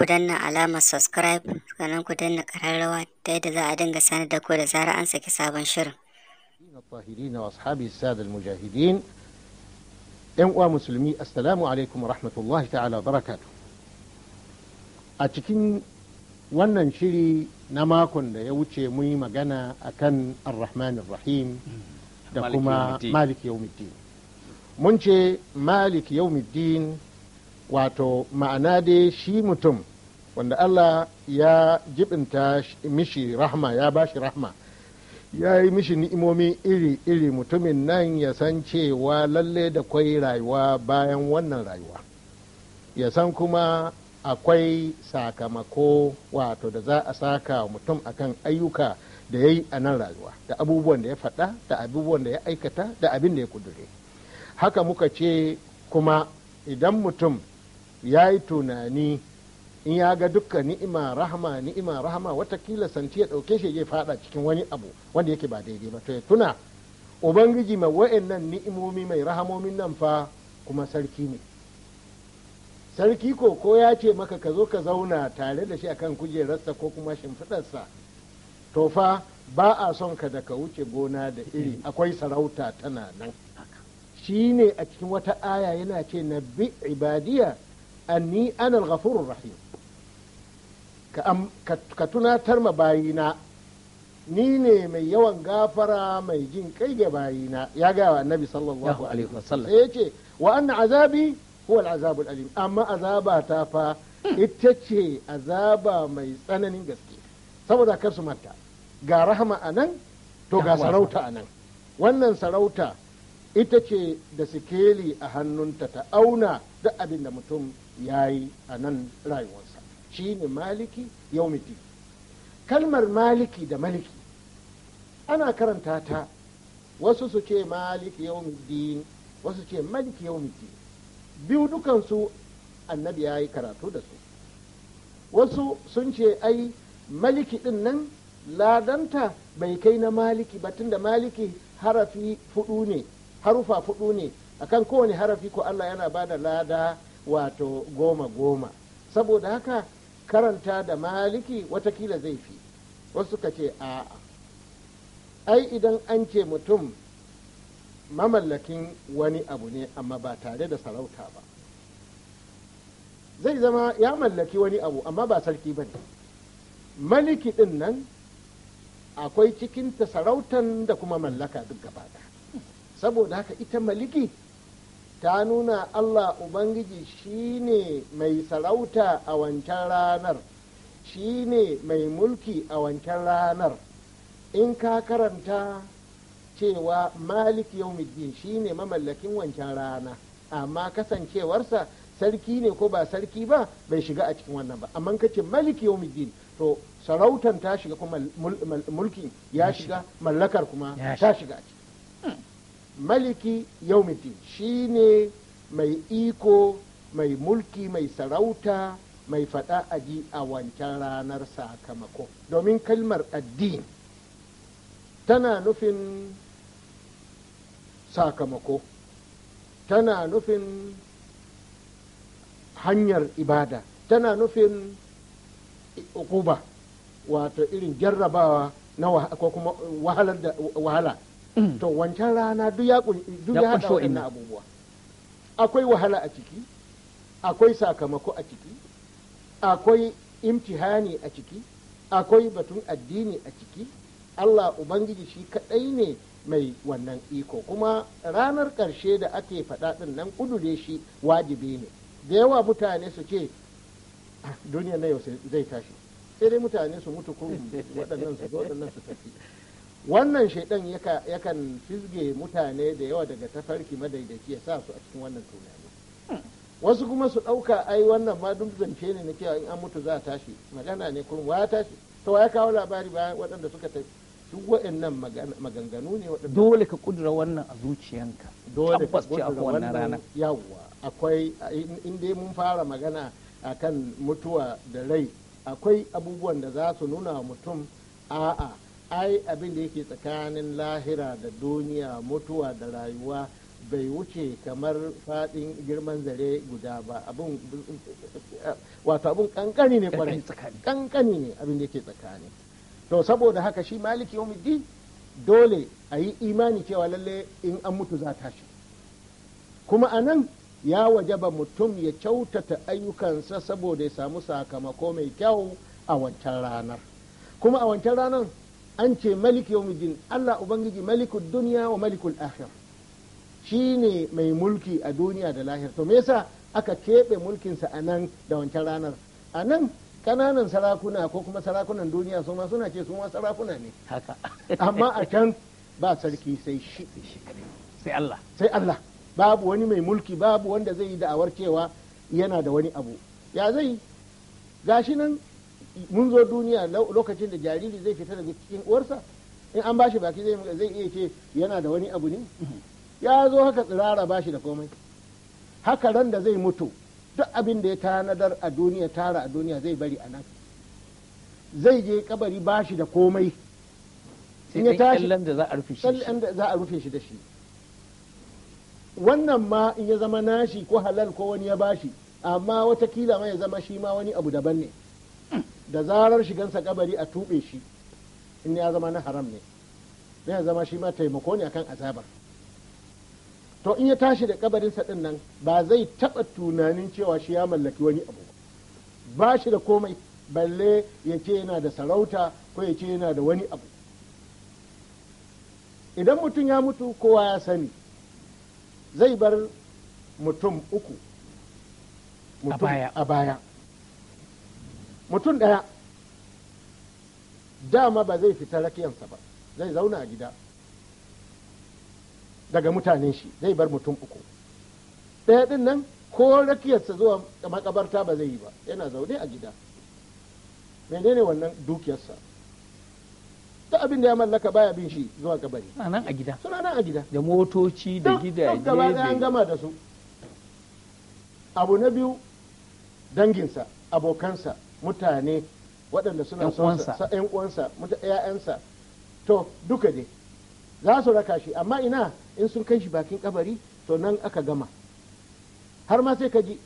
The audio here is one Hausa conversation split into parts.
ku danna alamar subscribe sannan ku danna kararrawa ta yadda za a dinga sanar da ku da zarar an saki sabon shirin. الطاهرين ‘Yan uwa musulmi, Assalamu alaikum rahmatullahi ta'ala barakatu. A cikin wannan shiri na makon da ya wuce mun yi magana a kan Rahim da kuma Malik Yawmiddin. Mun ce Malik Yawmiddin wato ma'ana dai shi mutum wanda Allah ya jibinta mishi rahma ya bashi rahma ya yi mishi ni'imomi iri-iri mutumin nan ya san cewa lalle da kwai rayuwa bayan wannan rayuwa ya san kuma akwai sakamako wato da za a saka mutum akan ayyuka da ya yi a nan rayuwa da abubuwan da ya faɗa da abubuwan da ya aikata da abin da ya kudure haka muka ce kuma idan mutum ya yi tunani in ya ga dukka ni'ima rahama ni'ima rahama watakila santi ya ɗauke shi ya fada cikin wani abu wanda yake ba daidai ba to ya tuna ubangiji mai wa'annan ni'imomi mai rahamomin nan fa kuma sarki ne sarki ko ko ya ce maka ka zo ka zauna tare da shi akan kujerarsa ko kuma shimfiɗarsa to fa ba a son ka da ka wuce gona da iri hmm. akwai sarauta tana nan shi ne a cikin wata aya yana ce na bi ibadiya anni anal ghafurur rahim ka tunatar ma bayina ni ne mai yawan gafara mai jin kai ga bayina ya gaya wa annabi sallallahu alaihi wasallam sai yace wa anna azabi huwa al'azabul alim amma azaba ta fa ita ce azaba mai tsananin gaske saboda kar su manta ga Rahma anan to ga sarauta anan wannan sarauta ita ce da sikeli a hannunta ta auna duk abin da mutum ya yi a nan rayuwarsa ne maliki yaumiti kalmar maliki da maliki ana karanta ta wasu su ce maliki yaumiddin wasu ce maliki yaumiddin biyu dukansu annabi ya yi karatu da su wasu sun ce ai maliki din nan ladanta bai kai na maliki ba da maliki harafi fudu ne harufa fudu ne akan kowane harafi ko Allah yana ba da lada wato goma goma saboda haka karanta da maliki watakila zai fi wasu ka ce a'a ai idan an ce mutum mamallakin wani abu ne amma ba tare da sarauta ba zai zama ya mallaki wani abu amma ba sarki ba ne maliki ɗin nan akwai cikinta sarautan da kuma mallaka duk gaba saboda haka ita maliki ta nuna allah ubangiji shi ne mai sarauta a wancan ranar shi ne mai mulki a wancan ranar in ka karanta cewa malik yaumiddin ne mamallakin wancan rana amma kasancewarsa sarki ne ko ba sarki ba bai shiga a cikin wannan ba amma ka ce malik yaumiddin to sarautan ta shiga kuma mulkin ya shiga mallakar kuma ta shiga a ciki maliki yau shi ne mai iko mai mulki mai sarauta mai faɗa ji a wancan ranar sakamako domin kalmar addini tana nufin sakamako tana nufin hanyar ibada tana nufin ukuba wato irin jarrabawa na wahala to wancan rana duk ya haɗa waɗannan abubuwa akwai wahala a ciki akwai sakamako a ciki akwai imtihani a ciki akwai batun addini a ciki allah ubangiji shi kadai ne mai wannan iko kuma ranar ƙarshe da ake faɗa ɗin nan kudure shi wajibi ne da yawa mutane su ce ah, duniya na yau zai tashi sai dai mutane su mutu kurum waɗannan su waɗannan su tafi wannan shaidan yakan fizge mutane da yawa daga tafarki madaidaci ya sa su a cikin wannan tunani hmm. wasu kuma su ɗauka ai wannan ma duk zance ne na cewa in an mutu za a tashi magana ne kurum ya tashi to ya kawo labari ba waɗanda suka tafi duk waɗannan maganganu ne waɗanda dole ka kudura wannan a zuciyanka dole ka kudura wannan rana yawwa akwai in dai mun fara magana akan mutuwa da rai akwai abubuwan da za su nuna mutum a'a ai abin da yake tsakanin lahira da duniya mutuwa da rayuwa bai wuce kamar fadin girman zare guda ba abin wato abin kankani ne kwarai kankani ne abin da yake tsakani to saboda haka shi maliki yawmiddin dole a yi imani cewa lalle in an mutu za ta shi kuma a nan ya wajaba mutum ya kyautata ayyukansa saboda ya samu sakamako mai kyau a wancan ranar kuma a wancan ranar an ce malik yawmiddin Allah ubangiji malikul duniya wa malikul akhir ne mai mulki a duniya da lahir to me yasa aka keɓe mulkinsa a nan da wancan ranar a nan kananan sarakuna ko kuma sarakunan duniya su ma suna ce su ma sarakuna ne haka amma a can ba sarki sai shi sai Allah sai Allah babu wani mai mulki babu wanda zai yi da'awar cewa yana da wani abu ya zai gashi nan mun zo duniya lokacin da jariri zai fita daga cikin uwarsa in an bashi baki zai iya ce yana da wani abu ne ya zo haka tsirara bashi da komai haka ran da zai mutu duk abin da ya tanadar a duniya tara a duniya zai bari a nan zai je kabari bashi da komai in ya tashi da za a rufe shi da shi wannan ma in ya zama nashi ko halal ko wani ya bashi amma watakila ma ya zama shi ma wani abu daban ne da zarar shigansa kabari a tuɓe shi in ya zama na haram ne ne ya zama shi ma taimako ne akan azabar to in ya tashi da kabarinsa din nan ba zai taɓa tunanin cewa shi ya mallaki wani abu ba shi da komai balle ya ce yana da sarauta ko ya ce yana da wani abu idan mutum ya mutu kowa ya sani zai bar mutum uku mutum a baya mutum ɗaya dama ba zai fita rakiyansa ba zai zauna a gida daga mutanen shi zai bar mutum uku ɗaya ɗin nan ko rakiyarsa zuwa makabarta ba zai yi ba yana zaune a gida menene wannan dukiyarsa ta abin da ya mallaka baya bin shi zuwa kabari suna nan a gida suna nan a gida da motoci da gidaje da an gama da su abu na biyu danginsa abokansa mutane waɗanda suna sonsa yan uwansa ƴaƴansa to duka dai za su raka shi amma ina in sun kai shi bakin kabari to nan aka gama har ma sai ka ji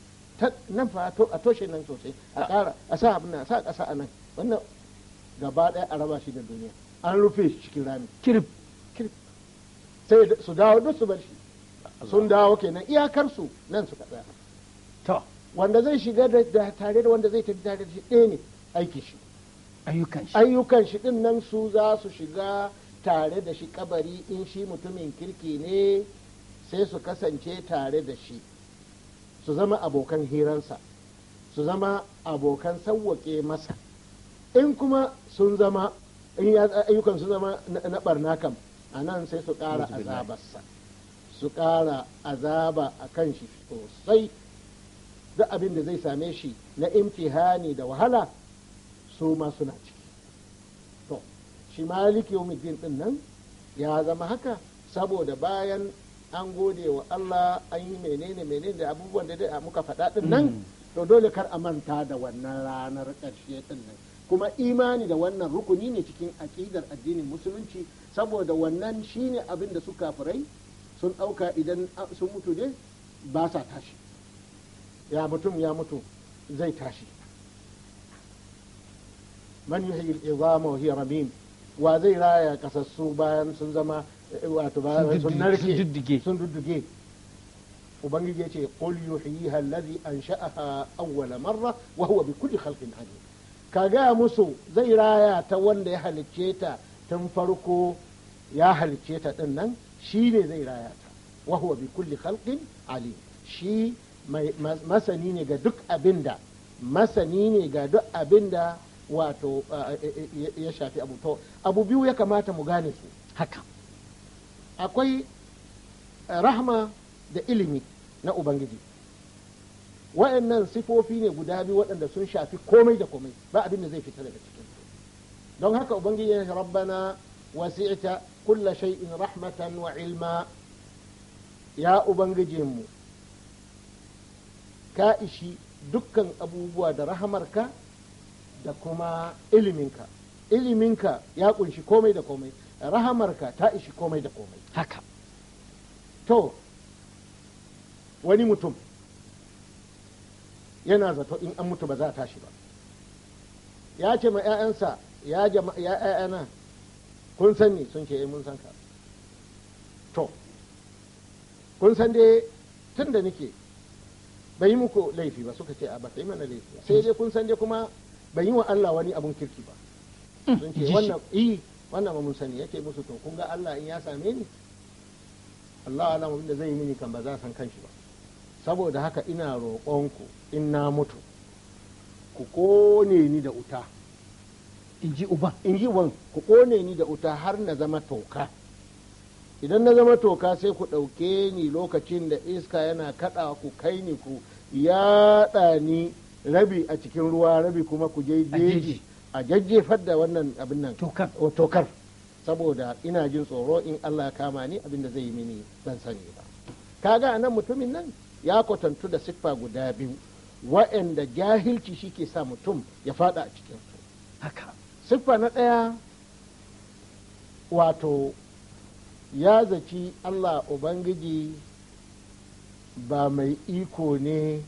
nan fa a toshe nan sosai a ah. ƙara a sa abin a sa ƙasa a nan wannan gaba ɗaya a raba shi da duniya an rufe shi cikin rami kirif kirif sai su dawo duk su bar shi sun dawo kenan iyakarsu nan suka tsaya to wanda zai shiga da tare da wanda zai tafi tare da shi ɗaya ne aikin shi ayyukan shi ɗin nan su za su shiga tare da shi kabari in shi mutumin kirki ne sai su kasance tare da shi su zama abokan hiransa su zama abokan sawwake masa in kuma sun zama in ayyukan sun zama na barna kam a nan sai su ƙara azabarsa su ƙara azaba a kan shi sosai duk abin da zai same shi na imtihani da wahala su ma suna ciki to shi malik yawmiddin din nan ya zama haka saboda bayan an gode wa Allah an yi menene menene da abubuwan da muka faɗa din nan mm. to dole kar a manta da wannan ranar ƙarshe din nan kuma imani da wannan rukuni ne cikin aƙidar addinin musulunci saboda wannan shine abin da su kafirai sun ɗauka idan sun mutu ne ba sa tashi ya mutum ya mutu zai tashi man yuhyi al-izama wa hiya wa zai raya kasassu bayan sun zama eh, wato bayan sun narke sun dudduge ubangiji ya ce qul yuhyiha alladhi ansha'aha awwala marra wa huwa bi kulli khalqin alim ka ga musu zai raya ta wanda ya halicce ta tun farko ya halicce ta din nan shi ne zai raya ta wa huwa bi kulli khalqin alim shi masani ne ga duk abin masani ne ga duk abin wato ya shafi abu to abu biyu ya kamata mu gane su haka akwai eh, rahma da ilimi na ubangiji wa'annan sifofi ne guda biyu waɗanda sun shafi komai da komai ba abin da zai fita daga cikin don haka ubangiji ya rabbana wasi'ta kulla shay'in rahmatan wa ilma ya ubangijinmu ka ishi dukkan abubuwa da rahamarka da kuma iliminka iliminka ya kunshi komai da komai rahamarka ta ishi komai da komai haka to wani mutum yana zato in an mutu ba za a tashi ba ya ce ma 'ya'yansa ya ‘ya'yana kun san ni sun ce eh, mun san ka to kun san dai tun da nake bai yi muku laifi ba suka ce a ba ta yi mana laifi sai dai kun san dai kuma bai yi wa Allah wani abun kirki ba mm, sun ce wannan yi eh, wannan ba mun sani yake musu to kun ga Allah in ya same ni Allah alam mu da zai yi mini kan ba za san kanshi ba saboda haka ina roƙonku in na mutu ku kone ni da wuta in ji uban in ji wan ku kone ni da wuta har na zama toka idan na zama toka sai ku ɗauke ni lokacin da iska yana kaɗa ku kai ni ku yaɗa ni rabi a cikin ruwa rabi kuma ku je jeji a jajjefar da wannan abin nan tokar saboda ina jin tsoro in Allah kama ni abin da zai yi mini ban sani ba kaga anan mutumin nan ya kwatantu da siffa guda biyu wa'anda jahilci shi ke sa mutum ya fada a cikin su siffa na ɗaya wato ya zaci allah ubangiji ba mai iko ne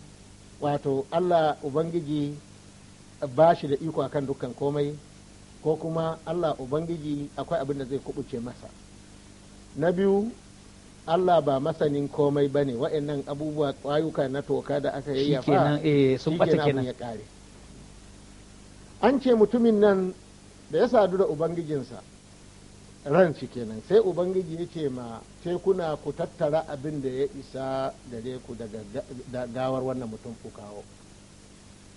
wato allah ubangiji ba shi da iko akan dukkan komai ko kuma allah ubangiji akwai abin da zai kubuce masa na biyu Allah ba masanin komai ba ne wa'annan abubuwa kwayuka na toka da aka yi eh, ya fara sun ya kare an ce mutumin nan da ya sadu da ubangijinsa Ranci kenan sai ubangiji ya ce ma kuna ku tattara abin da ya isa gare ku daga gawar wannan mutum ku kawo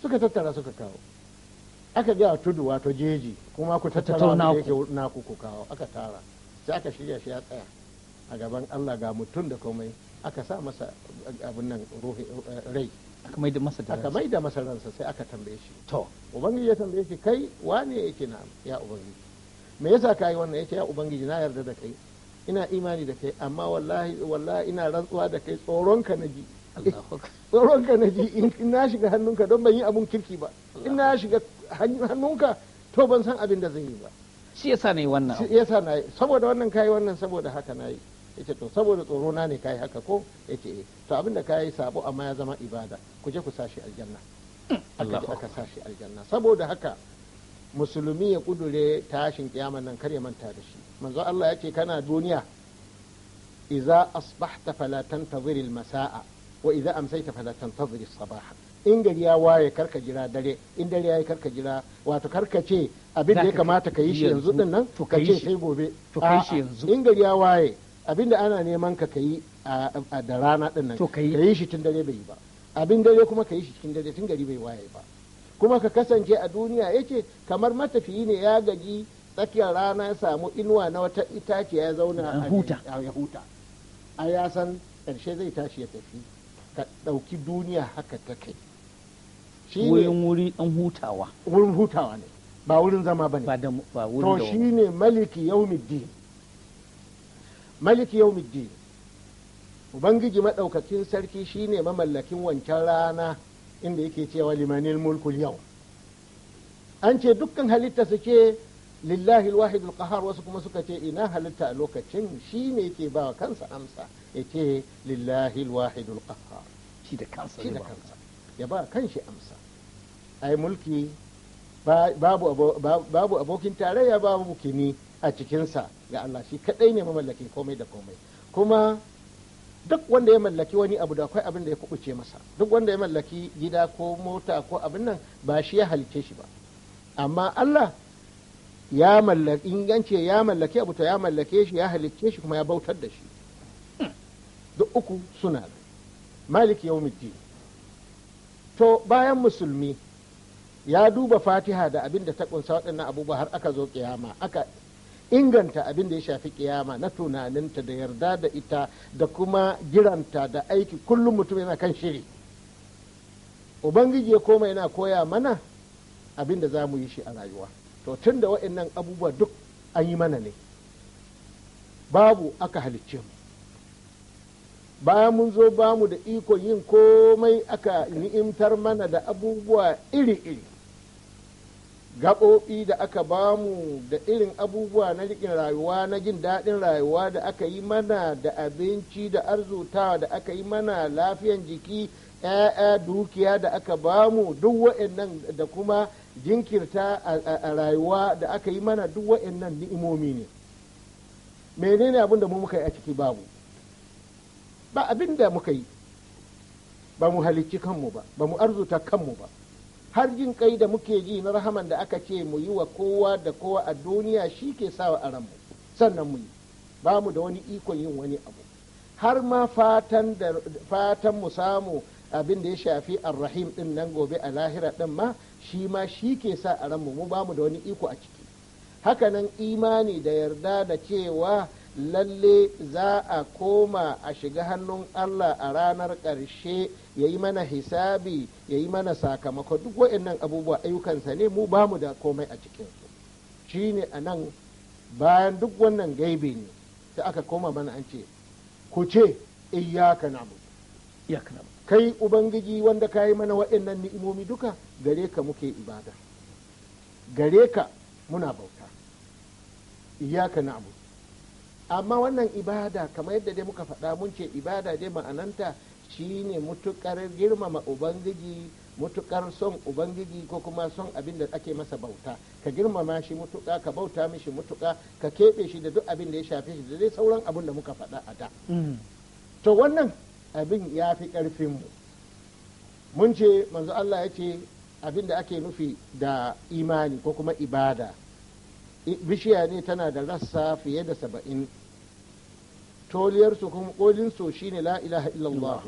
suka tattara suka kawo aka ga tudu wato jeji kuma ku tattara wanda yake naku ku kawo aka tara sai aka shirya shi ya tsaya a gaban Allah ga mutum da komai aka sa masa abin nan eh, rai aka mai da masa aka mai da masa ransa sai aka tambaye shi to ubangiji ya tambaye shi kai wane yake na ya ubangiji me yasa ka yi wannan yace ya ubangiji na yarda da kai ina imani da kai amma wallahi wallahi ina rantsuwa da kai tsoronka na ji tsoronka na ji in na shiga hannunka don ban yi abun kirki ba in na shiga hannunka to ban san abin da zan yi ba shi yasa na yi wannan shi yasa na yi saboda wannan kayi wannan saboda haka na yi yace to saboda tsoro na ne kayi haka ko yace eh. to abin da kayi sabo amma ya zama ibada ku je ku sashi aljanna Allah aka sashi aljanna saboda haka musulmi ya kudure tashin kiyama nan kar ya manta da shi manzo Allah ya ce kana duniya idza asbahta fala tantazir almasa'a wa idza amsayta fala tantazir as-sabaha in gari ya waye karka jira dare in dare yayi karka jira wato karka ce abin da ya kamata ka yi shi yanzu din nan ka ce sai gobe to kai shi yanzu in gari ya waye abin da ana neman ka kai a da rana din nan ka yi shi tun dare bai yi ba abin dare kuma ka yi shi cikin dare tun gari bai waye ba kuma ka kasance a duniya yace kamar matafiyi ne ya gaji tsakiyar rana ya samu inuwa na wata itace ya zauna a huta a ya san ƙarshe zai tashi ya tafi ka ɗauki duniya haka ta kai wurin wuri an hutawa wurin hutawa ne ba wurin zama ba ne Ba wurin to shi ne maliki yaumiddin maliki yaumiddin ubangiji maɗaukakin sarki shi ne mamallakin wancan rana inda yake cewa limanil mulkul yau an ce dukkan halitta su ce lillahi wahidul alqahar wasu kuma suka ce ina halitta a lokacin shi ne yake ba wa kansa amsa ya ce lillahi wahidul shi da kansa ya ba kanshi amsa ai mulki babu abokin tarayya babu kini a cikinsa ga Allah shi kadai ne mamallakin komai da komai kuma duk wanda ya mallaki wani abu da akwai abin da ya kubuce masa duk wanda ya mallaki gida ko mota ko abin nan ba shi ya halice shi ba amma Allah ya mallaki ingance ya mallaki abu to ya mallake shi ya halicce shi kuma ya bautar da shi duk uku suna da malik yawmiddin to bayan musulmi ya duba fatiha da abin da ta kunsa waɗannan abubuwa har aka zo kiyama aka inganta abin da ya shafi kiyama na tunaninta da yarda da ita da kuma giranta da aiki kullum mutum yana kan shiri ubangiji ya koma yana koya mana abin da za mu yi shi a rayuwa to tun da waɗannan abubuwa duk an yi mana ne babu aka halicce mu bayan mun zo bamu da ikon yin komai aka ni'imtar mana da abubuwa iri-iri gaɓoɓi da aka bamu da irin abubuwa na rikin rayuwa na jin daɗin rayuwa da aka yi mana da abinci da arzutawa da aka yi mana lafiyan jiki ‘ya'ya dukiya da aka bamu duk wa'annan da kuma jinkirta a rayuwa da aka yi mana duk wa'annan ni'imomi ne menene abin da mu muka yi a ciki babu ba abin da muka yi ba mu halicci kanmu ba ba mu arzuta kanmu ba har jin kai da muke ji na rahaman da aka ce mu yi wa kowa da kowa a duniya shi ke sawa a ranmu sannan mu yi ba mu da wani ikon yin wani abu har ma fatan mu samu abin da ya shafi arrahim din nan gobe a lahira din ma shi ma shi ke sa a ranmu mu ba mu da wani iko a ciki hakanan imani da yarda da cewa lalle za a koma a shiga hannun Allah a ranar ƙarshe ya yi mana hisabi ya yi mana sakamako duk wa'annan abubuwa ayyukansa ne mu ba mu da komai a cikinsu shi ne a nan bayan duk wannan gaibe ne ta aka koma mana an ce ku ce iyaka na kai ubangiji wanda ka yi mana wa'annan ni'imomi duka gare ka muke ibada gare ka muna bauta iyaka na amma wannan ibada kamar yadda dai muka faɗa mun ce ibada dai ma'ananta shine mutukar girmama ubangiji mutukar son ubangiji ko kuma son abin da ake masa bauta ka girmama shi mutuka ka bauta mishi mutuka ka keɓe shi da duk abin da ya shafe shi da dai sauran abin da muka faɗa a da mm. to wannan abin ya fi ƙarfinmu mun ce manzo Allah ya ce abin da ake nufi da imani ko kuma ibada bishiya ne tana da rassa fiye da saba'in toliyarsu kuma kolinsu shine la ilaha illallah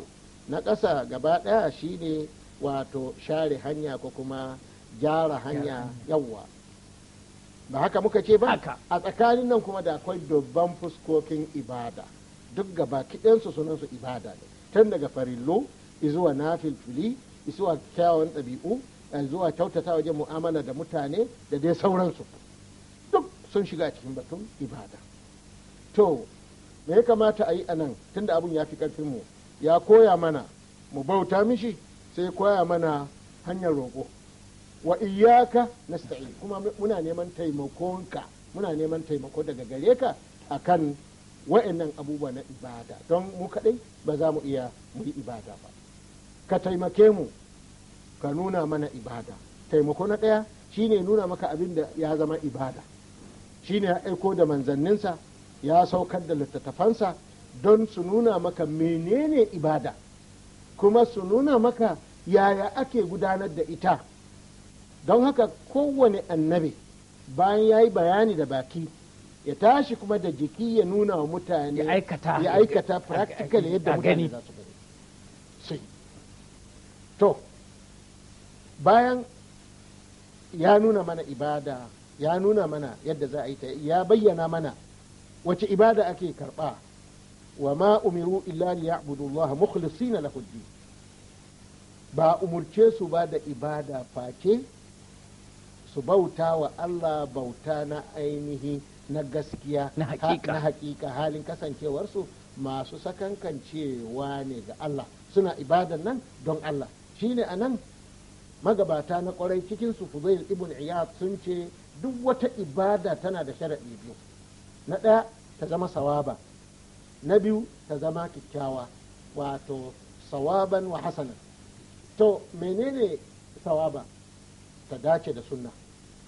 na ƙasa gaba ɗaya shine wato share hanya ko kuma gyara hanya yawa ba haka muka ce ba a tsakanin nan kuma da akwai dubban fuskokin ibada duk gaba kiɗansu sunansu ibada ne tun daga farillo izuwa nafilfili izuwa kyawun ɗabi'u zuwa kyautata wajen mu'amala da mutane da dai sauransu duk sun shiga cikin batun ibada to me ya kamata a yi a nan tunda abin ya fi ƙarfinmu ya koya mana mu bauta mishi sai koya mana hanyar roƙo wa iyaka nasta'in kuma muna neman taimakonka muna neman taimako daga gare ka a akan wa'annan abubuwa na ibada don mu kaɗai ba za mu iya mu yi ibada ba ka taimake mu ka nuna mana ibada taimako na ɗaya shine nuna maka abin da ya zama ibada shine ya aiko da manzanninsa ya saukar da littattafansa don su nuna maka menene ibada kuma su nuna maka yaya ake gudanar da ita don haka kowane annabi bayan ya yi bayani da baki ya tashi kuma da jiki ya nuna wa mutane ya aikata practical yadda mutane za su gani to bayan ya nuna mana ibada ya nuna mana yadda za a yi ta ya bayyana mana wace ibada ake karɓa wa ma umiru illa liya'budullaha mukhlisina lahu ba umurce su ba da ibada face su bauta wa Allah bauta na ainihi na gaskiya na hakika halin kasancewarsu masu sakankancewa ne ga Allah suna ibadan nan don Allah shine a nan magabata na kwarai cikinsu fuzail ibn iyad sun ce duk wata ibada tana da sharaɗi biyu na ɗaya ta zama sawaba na biyu ta zama kyakkyawa wato sawaban wa hasanan to menene sawaba ta dace da sunna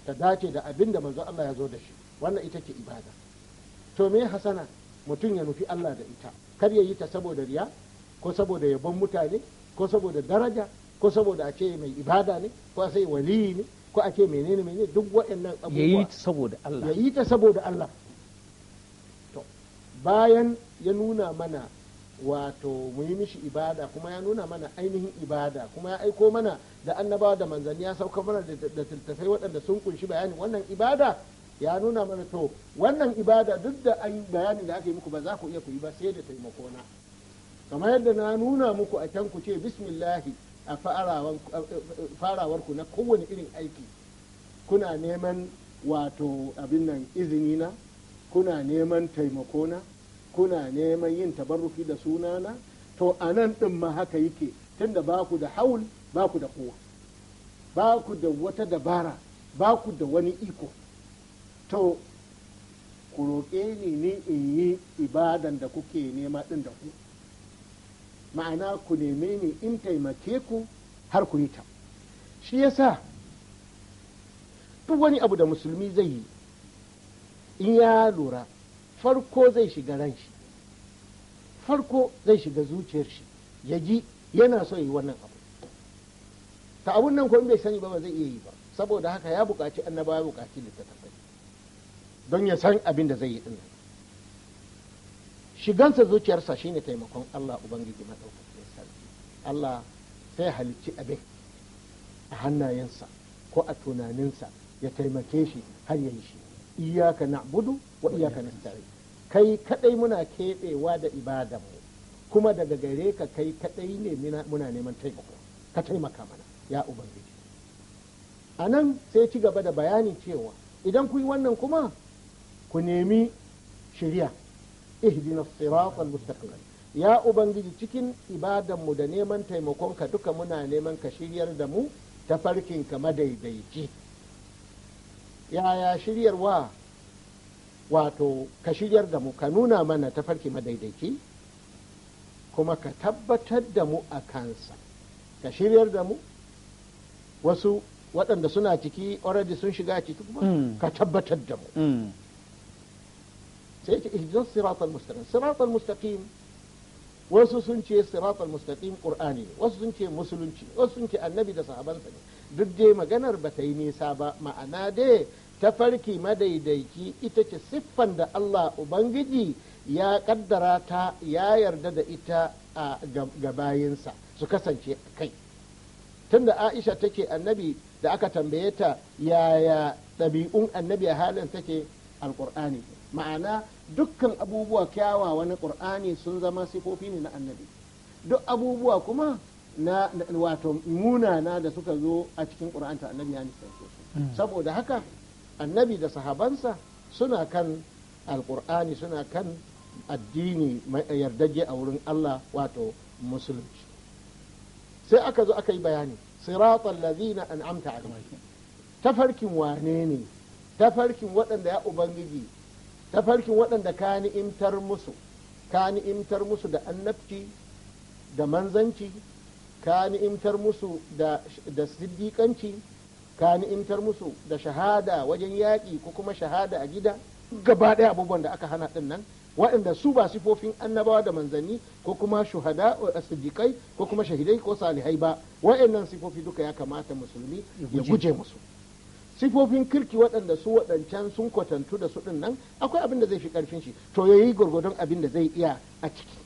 ta dace da abin da manzo Allah ya zo da shi wannan ita ce ibada to me hasana mutum ya nufi Allah da ita kar ya yi ta saboda riya ko saboda yabon mutane ko saboda daraja ko saboda a ce mai ibada ne ko a sai wali ne ko a ce menene menene duk waɗannan abubuwa ya yi ta saboda Allah ya yi ta saboda Allah bayan ya nuna mana wato mu yi mishi ibada kuma ya nuna mana ainihin ibada kuma ya aiko mana da annabawa da manzanni ya sauka mana da tattafai waɗanda sun kunshi bayani wannan ibada ya nuna mana to wannan ibada duk da an bayanin da aka yi muku ba za ku iya ku yi ba sai da taimakona na kamar yadda na nuna muku a can ku ce bismillahi a farawarku na kowane irin aiki kuna neman wato abin nan izini na kuna neman taimakona. kuna neman yin tabarruki da sunana to a nan ɗin ma haka yake tunda ba ku da haul ba ku da kowa ba ku da wata dabara ba ku da wani iko to ku roƙe ni ni in yi ibadan da kuke nema ɗin da ku ma'ana ku neme ni in taimake ku har ku yi ta shi ya sa duk wani abu da musulmi zai yi in ya lura farko zai shiga ran shi farko zai shiga zuciyar shi ya ji yana so yi wannan abu ta abun nan ko bai sani ba ba zai iya yi ba saboda haka ya buƙaci annaba ya buƙaci littattafai don ya san abin da zai yi ɗin shigansa zuciyarsa shine taimakon Allah ubangiji madaukakin sarki Allah sai halicci abin a hannayensa ko a tunaninsa ya taimake shi har ya yi shi iyaka budu, wa iyaka na tsari. kai kadai muna keɓewa da ibadanmu kuma daga gare ka kai kadai ne muna neman taimako ka taimaka mana ya ubangiji a nan sai ci gaba da bayani cewa idan ku yi wannan kuma ku nemi shirya ihdina siratal mustaqim ya ubangiji cikin ibadanmu da neman taimakon ka duka muna neman ka shiryar da mu ta farkin ka madaidaici yaya shiryarwa wato ka shigar da mu ka nuna mana tafarki madaidaiki kuma ka tabbatar da mu a kansa ka shiryar da mu wasu waɗanda suna ciki already sun shiga ciki kuma hmm. ka tabbatar da mu hmm. sai ce ihdinas siratal mustaqim siratal mustaqim wasu sun ce siratal mustaqim qur'ani ne wasu sun ce musulunci wasu sun ce annabi da sahabansa ne duk dai maganar ba ta yi nisa ba ma'ana dai tafarki madaidaiki ita ce siffan da Allah Ubangiji ya kaddara ta ya yarda da ita a gabayinsa su kasance kai tunda Aisha take annabi da aka tambaye ta yaya ɗabi'un annabi a halin take alƙur'ani ma'ana dukkan abubuwa kyawawa na ƙur'ani sun zama sifofi ne na annabi duk abubuwa kuma na wato munana da suka zo a cikin ƙur'anta annabi ya nisa hmm. saboda haka annabi da sahabansa suna kan alkur'ani suna kan addini mai yardage a wurin Allah wato musulunci sai aka zo aka yi bayani siratal ladina an'amta alaihim tafarkin wane ne tafarkin waɗanda ya ubangiji tafarkin waɗanda ka ni'imtar musu ka ni'imtar musu da annabci da manzanci ka ni'imtar musu da siddiƙanci ka ni'intar musu da shahada wajen yaƙi ko kuma shahada a gida gaba ɗaya abubuwan da aka hana ɗin nan waɗanda su ba sifofin annabawa da manzanni ko kuma shuhada Asidikai ko kuma shahidai ko salihai ba waɗannan sifofi duka ya kamata musulmi ya guje musu sifofin kirki waɗanda su waɗancan sun kwatantu da su ɗin nan akwai abin da zai fi ƙarfin shi to ya yi gwargwadon abin da zai iya a ciki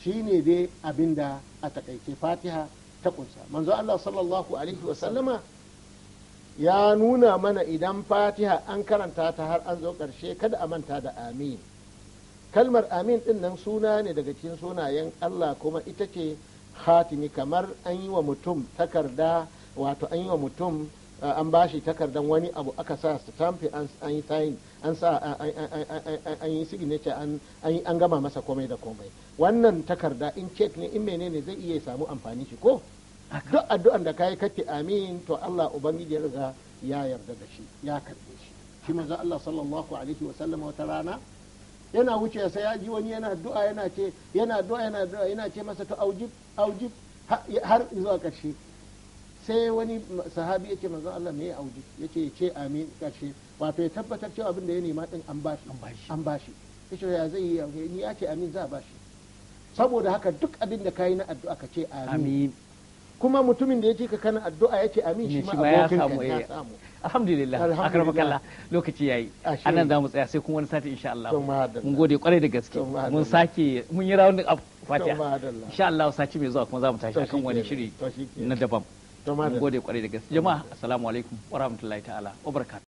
shi ne dai abin da a taƙaice fatiha ta kunsa manzo Allah sallallahu alaihi wa sallama ya nuna mana idan fatiha an karanta ta har an zo karshe kada a manta da amin kalmar amin din nan suna ne daga cikin sunayen Allah kuma ita ce hatimi kamar an yi wa mutum takarda wato an yi wa mutum eh, an bashi takardan wani abu aka sa stamp an yi sign an sa an yi signature an gama masa komai da komai wannan takarda in cek ne in menene zai iya samu amfani shi ko duk addu'an da kai kake amin to Allah ubangiji ya riga ya yarda da shi ya karbe shi shi manzo Allah sallallahu alaihi wa sallam wata rana yana wuce sai ya ji wani yana du'a yana ce yana du'a yana du'a yana ce masa to aujib aujib har zuwa karshe sai wani sahabi ya ce manzo Allah me ya aujib yace ce amin karshe wato ya tabbatar cewa abin da ya nema din an bashi an bashi ce ya zai yi ni ya ce amin za a bashi saboda haka duk abin da yi na addu'a ka ce amin kuma mutumin da ya ce ka kana addu'a ya ce amin shi ma abokin ka ya samu eh. alhamdulillah akramakallah lokaci yayi anan za mu tsaya sai kuma wani sati insha Allah mun gode kwarai da gaske mun sake mun yi rounding up fatiha insha Allah sati mai zuwa kuma za mu tashi akan wani shiri na daban mun gode kwarai da gaske jama'a assalamu alaikum wa rahmatullahi ta'ala wa barakatuh